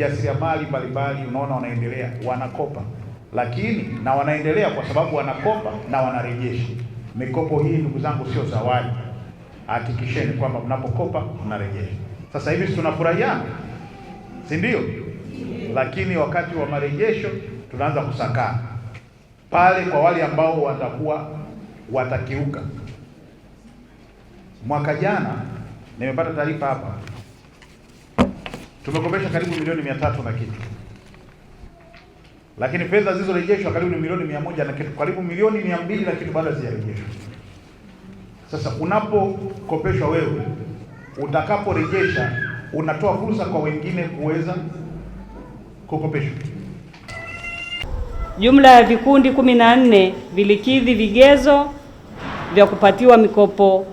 Jasiriamali mbalimbali unaona wanaendelea wanakopa, lakini na wanaendelea kwa sababu wanakopa na wanarejesha. Mikopo hii ndugu zangu sio zawadi, hakikisheni kwamba mnapokopa mnarejesha. Sasa hivi tunafurahiana, si ndio? Lakini wakati wa marejesho tunaanza kusakana pale kwa wale ambao watakuwa watakiuka. Mwaka jana nimepata taarifa hapa tumekopesha karibu milioni mia tatu na kitu, lakini fedha zilizorejeshwa karibu ni milioni mia moja na kitu, karibu milioni mia mbili na kitu bado hazijarejeshwa. Sasa unapokopeshwa wewe, utakaporejesha unatoa fursa kwa wengine kuweza kukopeshwa. Jumla ya vikundi kumi na nne vilikidhi vigezo vya kupatiwa mikopo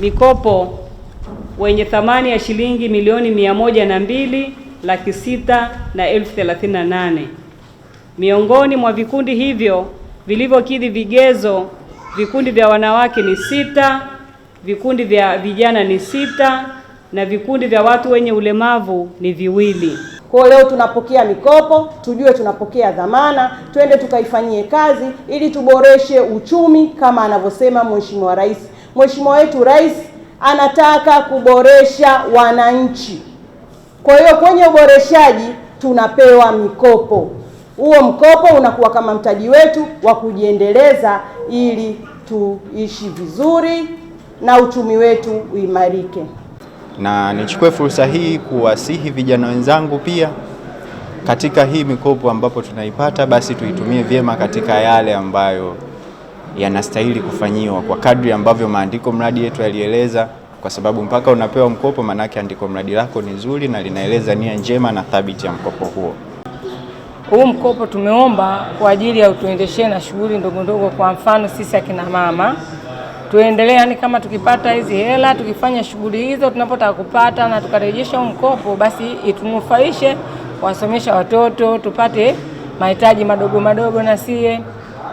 mikopo wenye thamani ya shilingi milioni mia moja na mbili laki sita na elfu thelathini na nane. Miongoni mwa vikundi hivyo vilivyokidhi vigezo, vikundi vya wanawake ni sita, vikundi vya vijana ni sita na vikundi vya watu wenye ulemavu ni viwili. Kwa leo tunapokea mikopo, tujue tunapokea dhamana, twende tukaifanyie kazi ili tuboreshe uchumi kama anavyosema Mheshimiwa Rais. Mheshimiwa wetu Rais anataka kuboresha wananchi. Kwa hiyo kwenye uboreshaji tunapewa mikopo. Huo mkopo unakuwa kama mtaji wetu wa kujiendeleza ili tuishi vizuri na uchumi wetu uimarike. Na nichukue fursa hii kuwasihi vijana wenzangu pia katika hii mikopo ambapo tunaipata basi tuitumie vyema katika yale ambayo yanastahili kufanyiwa kwa kadri ambavyo maandiko mradi yetu yalieleza, kwa sababu mpaka unapewa mkopo, maanake andiko mradi lako ni zuri na linaeleza nia njema na thabiti ya mkopo huo. Huu mkopo tumeomba kwa ajili ya utuendeshee na shughuli ndogondogo, kwa mfano sisi akina mama tuendelee, yani kama tukipata hizi hela tukifanya shughuli hizo tunapotaka kupata na tukarejesha huu mkopo, basi itunufaishe kuwasomesha watoto, tupate mahitaji madogo madogo na sie